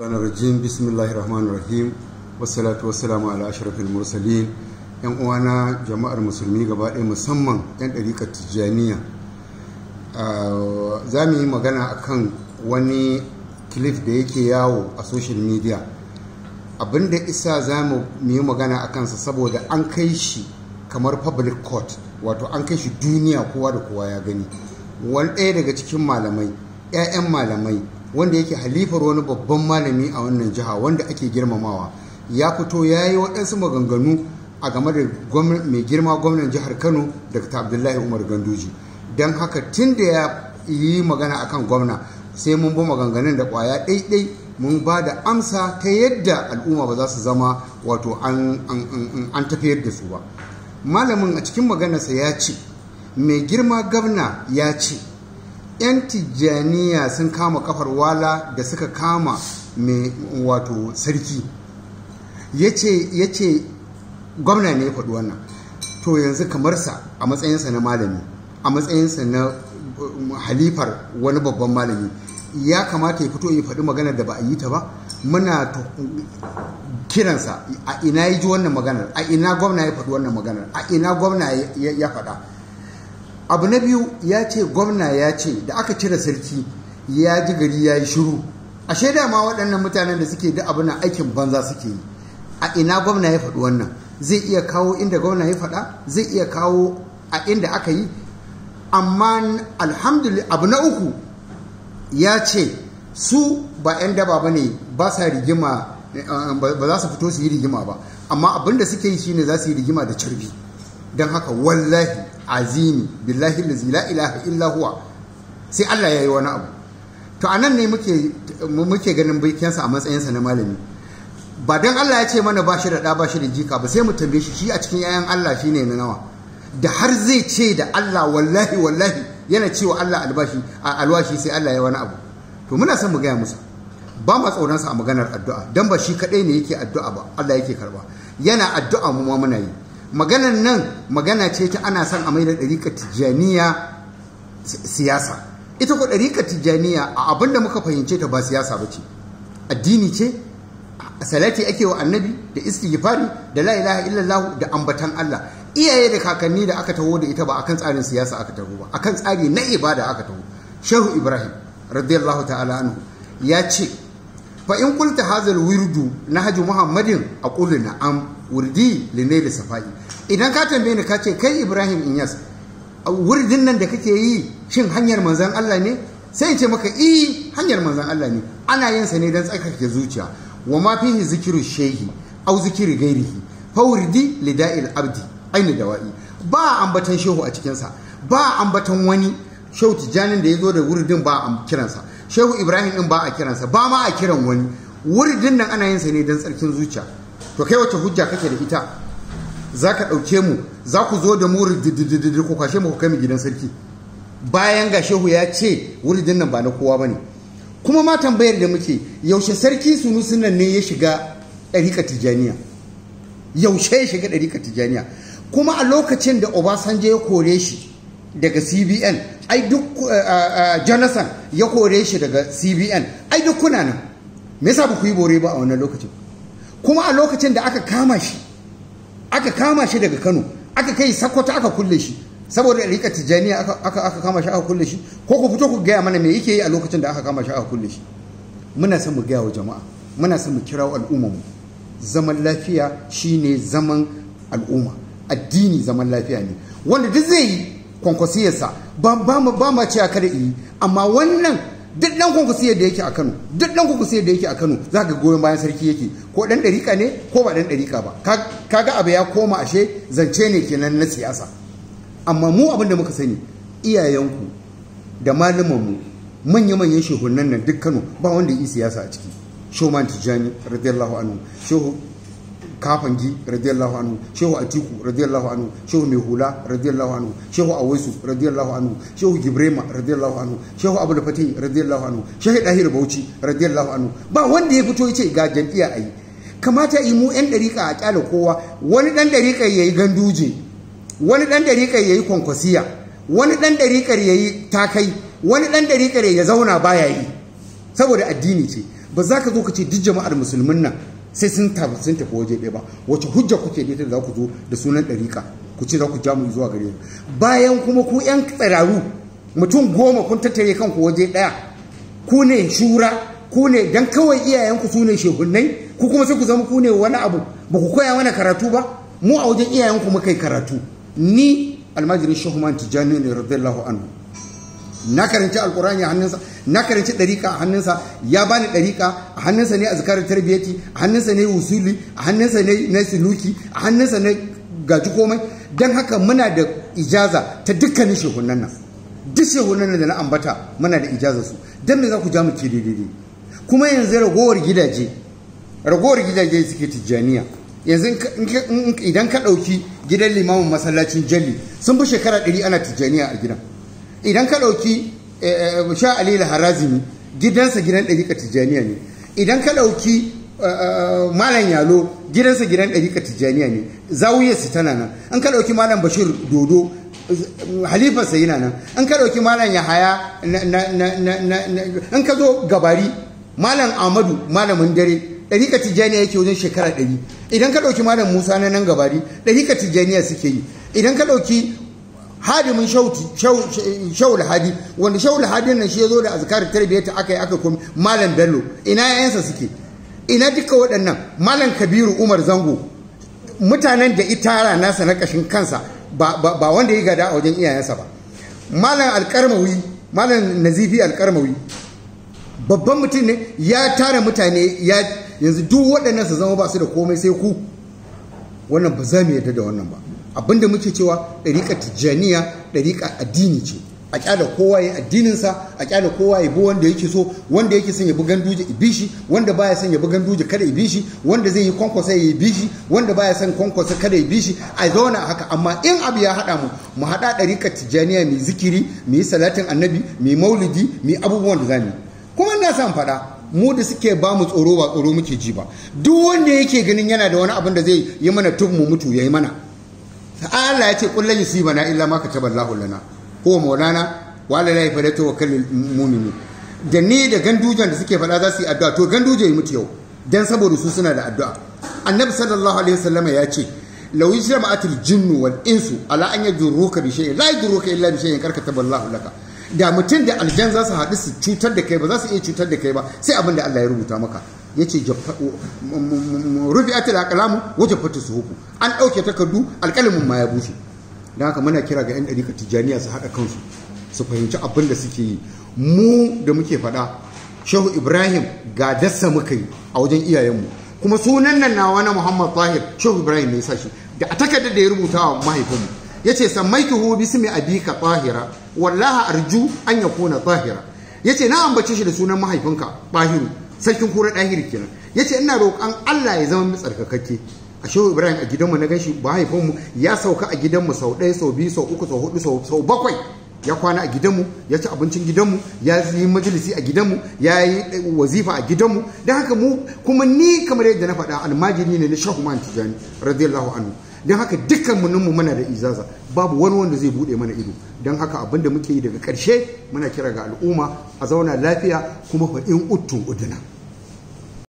shaitan rajim bismillahir rahmanir rahim wassalatu wassalamu ala ashrafil mursalin yan uwana jama'ar musulmi gaba ɗaya musamman yan ɗariƙar tijjaniya za mu yi magana akan wani kilif da yake yawo a social media abinda isa za mu yi magana a kansa saboda an kai shi kamar public court wato an kai shi duniya kowa da kowa ya gani wani ɗaya daga cikin malamai 'ya'yan malamai wanda yake halifar wani babban malami a wannan jiha wanda ake girmamawa ya fito ya yi waɗansu maganganu a game da mai girma gwamnan jihar kano dr abdullahi umar ganduji don haka tun da ya yi magana akan gwamna sai mun bi maganganun da ƙwaya ɗaiɗai mun ba da amsa ta yadda al'umma ba za su zama wato an tafiyar da su ba malamin a cikin maganarsa ya ce mai girma gwamna ya ce 'yan tijjaniya sun kama kafar wala da suka kama mai wato sarki ya ce gwamna ne ya faɗi wannan to yanzu kamar sa a matsayinsa na malami a matsayinsa na um, halifar wani babban malami ya kamata ya fito ya faɗi magana da ba a yi ta ba muna kiransa a ina ya ji wannan maganar a ina gwamna ya faɗi wannan maganar a ina gwamna ya faɗa abu na biyu ya ce gwamna ya ce da aka cire sarki ya ji gari ya yi shiru a shaida ma waɗannan mutanen da suke da abu na aikin banza suke yi a ina gwamna ya faɗi wannan zai iya kawo inda gwamna ya faɗa zai iya kawo a inda aka yi amma alhamdulillah abu na uku ya ce su ba 'yan daba ba ne ba sa rigima ba za su fito su yi rigima ba amma abin da suke yi shine za su yi rigima da carbi don haka wallahi azimi billahi lazi la ilaha illa huwa sai Allah ya yi wani abu to a nan ne muke ganin bikinsa a matsayinsa na malami ba don Allah ya ce mana ba shi da ɗa ba shi da jika ba sai mu tambaye shi shi a cikin 'ya'yan Allah shi ne nawa da har zai ce da Allah wallahi wallahi yana cewa Allah albashi a alwashi sai Allah ya wani abu to muna son mu gaya musu ba ma tsoronsa a maganar addu'a don ba shi kaɗai ne yake addu'a ba Allah yake karba yana addu'a mu ma muna yi maganar nan magana ce ta ana son a maida ɗariƙar tijjaniya siyasa ita ko ɗariƙar tijjaniya a abin da muka fahimce ta ba siyasa ba ce addini ce salati ake wa annabi da istighfari da la ilaha illallah da ambatan Allah iyaye da kakanni da aka taho da ita ba akan tsarin siyasa aka taho ba akan tsari na ibada aka taho shehu ibrahim radiyallahu ta'ala anhu ya ce fa in kulta hazal wirdu haji muhammadin a na am wurdi da safai idan ka tambaye ni ka ce kai ibrahim inyas wurdin nan da kake yi shin hanyar manzan Allah ne sai in ce maka i eh, hanyar manzan Allah ne ana yin sa ne dan tsakake zuciya wa ma fihi zikru shehi au zikri gairihi, fa wurdi lida'il abdi aini dawa'i ba ambatan shehu a cikinsa. sa ba ambatan wani shautijanin da ya zo da wurdin ba a kiransa shehu ibrahim ɗin ba a kiransa ba ma a kiran wani wuri dinnan ana yin sa ne don tsarkin zuciya to kai wace hujja kake da ita za ka ɗauke mu za ku zo da mu rididididid ko kwashe mu ku kai mu gidan sarki bayan ga shehu ya ce wuridin dinnan ba na kowa ba ne kuma ma tambayar da muke yaushe sarki sunusun sunan ne ya shiga ɗariƙa tijaniya yaushe ya shiga ɗariƙa tijaniya kuma a lokacin da obasanjo ya kore shi daga cbn ai duk eh, eh, eh, jonathan ya kore shi daga cbn ai duk kuna nan me yasa ba ku yi bore ba a wannan lokacin kuma a lokacin da aka kama shi aka kama shi daga kano aka kai sakkwato aka kulle shi saboda rika tijjaniya aka kama shi aka kulle shi ko ku fito ku gaya mana me yake yi a lokacin da aka kama shi aka kulle shi muna son mu gaya wa jama'a muna son mu kirawo al'ummar mu zaman lafiya shine zaman al'umma addini zaman lafiya ne wanda duk zai yi kwankwasiyarsa ba ba ce a kada yi amma wannan duk dan kwankwasiyar da yake a Kano duk dan kwankwasiyar da yake a Kano za ka goyon bayan sarki yake ko dan dariƙa ne ko ba dan dariƙa ba kaga abu ya koma ashe zance ne kenan na siyasa amma mu abin da muka sani iyayenku da malamanmu manya-manyan shehunan nan duk Kano ba wanda yi siyasa a ciki Shoman tijani radiyallahu anhu shehu kafangi radiyallahu anhu shehu atiku radiyallahu anhu shehu mai hula radiyallahu anhu shehu awaisu radiyallahu anhu shehu gibrema radiyallahu anhu shehu da fatih radiyallahu anhu shehu dahir bauchi radiyallahu anhu ba wanda ya fito ya ce ga jam'iyya ayi kamata yi mu yan dariƙa a kyale kowa wani dan dariƙa yayi ganduje wani dan dariƙa yayi kwankwasiya wani dan ya yayi takai wani ɗan dariƙa ya zauna baya yi saboda addini ce ba za ka zo ka ce duk jama'ar musulmin nan sai sun tafi sun tafi waje ɗaya ba wace hujja kuke da ita da za ku zo da sunan ɗariƙa ku ce za ku ja mu zuwa gare mu bayan kuma ku ƴan tsiraru mutum goma kun tattare kanku waje ɗaya ku ne shura ku ne dan kawai iyayenku su ne shehunnai ku kuma sai ku zama ku ne wani abu ba ku koya mana karatu ba mu a wajen iyayenku muka yi karatu ni almajirin shehu man tijjani ne radiyallahu anhu na karanci alkurani a hannunsa na karanci ɗariƙa a hannunsa ya bani ɗariƙa a hannunsa ne zikarar tarbiyyaki, a hannunsa ne usuli a hannunsa ne na siluki a hannunsa ne gaji komai don haka muna da ijaza ta dukkanin shehunan nan duk shehunan nan da na ambata muna da ijaza su don me za ku ja mu daidai kuma yanzu ragowar gidaje ragowar gidaje suke tijjaniya yanzu idan ka ɗauki gidan limamin masallacin jalli sun fi shekara ɗari ana tijjaniya a gidan idan ka ɗauki eh, eh, sha alila harazimi gidansa gidan ɗariƙa tijjaniya ne idan ka ɗauki eh, malam yalo gidansa gidan ɗariƙa tijjaniya ne su tana nan an ka ɗauki malam bashir dodo sa yana nan an ka ɗauki malam yahaya an ka zo gabari malam amadu malamin dare ɗarika tijjaniya yake wajen shekara ɗari idan ka ɗauki malam musa na nan gabari ɗarika tijjaniya suke yi idan ka ɗauki hadimin shaul hadi wanda shaul hadi nan shi ya zo da azkar tarbiyyar ta aka yi aka komi malam bello ina yayansa suke ina duka waɗannan malam kabiru umar zango mutanen da itara nasa na kashin kansa ba wanda ya gada a wajen iyayensa ba malam alkarmawi malam nazifi alkarmawi babban mutum ne ya tara mutane yanzu duk waɗannan su zama ba su da komai sai ku wannan ba za mu yarda da wannan ba abinda muke cewa ɗariƙa tijjaniya ɗariƙa addini ce a kyala kowa ya addininsa a kyala kowa ya bi wanda yake so wanda yake son ya bi ganduje shi, wanda baya son ya bi ganduje kada shi, wanda zai yi kwankwasa ya shi, wanda baya son kwankwasa kada ya shi a zauna haka amma in abu ya haɗa mu mu haɗa ɗariƙa tijjaniya mai zikiri mai salatin annabi mai maulidi mai abubuwan da zamu kuma ina san faɗa mu da suke ba mu tsoro ba tsoro muke ji ba duk wanda yake ganin yana da wani abin da zai yi mana tuf mu mutu ya yi mana Allah ya ce kullu yusibana illa ma kataballahu lana ko maulana wa la ilaha illa huwa kallil mu'minin da ni da gandujan da suke faɗa za su yi addu'a to ganduje ya mutu yau dan saboda su suna da addu'a annabi sallallahu alaihi wasallam ya ce law yajma'atul jinnu wal insu ala an yajruka bi shay'in la yajruka illa bi shay'in laka da mutum da aljan za su haɗu su cutar da kai ba za su iya cutar da kai ba sai abin da Allah ya rubuta maka yace rufi'atul aqlamu su suhufu an ɗauke takardu alƙalamin ma ya bushe dan haka muna kira ga yan dariƙa Tijjaniya su haɗa kansu su fahimci abin da suke yi mu da muke faɗa shehu ibrahim ga dasa muka yi a wajen iyayenmu kuma sunan nan nawa na muhammad tahir shehu ibrahim ne sa shi da a takardar da ya rubuta wa mahaifinmu yace sammaituhu bismi abika tahira wallaha arju an yakuna tahira yace na ambace shi da sunan mahaifinka tahiru sarkin kura ɗahiri kenan ya ce ina roƙon Allah ya zama mai tsarkakakke a shehu ibrahim a gidanmu na gashi ba mu ya sauka a gidanmu sau ɗaya sau biyu sau uku sau hudu sau bakwai ya kwana a gidanmu ya ci abincin gidanmu ya yi majalisi a gidanmu ya yi eh, wazifa a gidanmu don haka mu kuma ni kamar yadda na faɗa almajiri ne na shahu man tijani radiyallahu anhu don haka dukkan mu muna da izaza babu wani wanda zai bude mana ido don haka abin da muke yi daga karshe muna kira ga al'umma a zauna lafiya kuma faɗin uttun uttu uduna